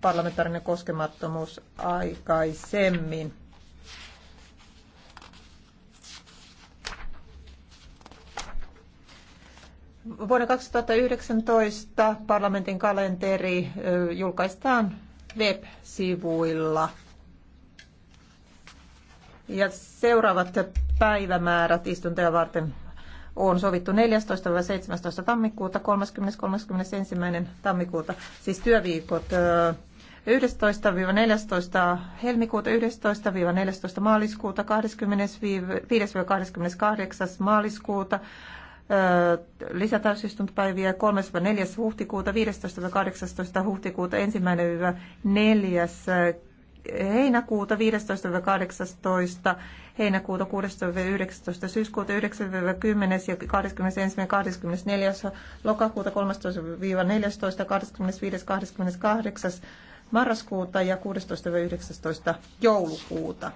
parlamentaarinen koskemattomuus aikaisemmin. Vuonna 2019 parlamentin kalenteri julkaistaan web-sivuilla. Ja seuraavat päivämäärät istuntoja varten on sovittu 14. 17. tammikuuta, 30. 31. tammikuuta, siis työviikot 11-14 helmikuuta, 11-14 maaliskuuta, 25-28 maaliskuuta, lisätäysistuntopäiviä 3-4 huhtikuuta, 15-18 huhtikuuta, 1-4 heinäkuuta 15-18, heinäkuuta 16-19, syyskuuta 9-10 ja 21-24, lokakuuta 13-14, 25-28, marraskuuta ja 16-19 joulukuuta.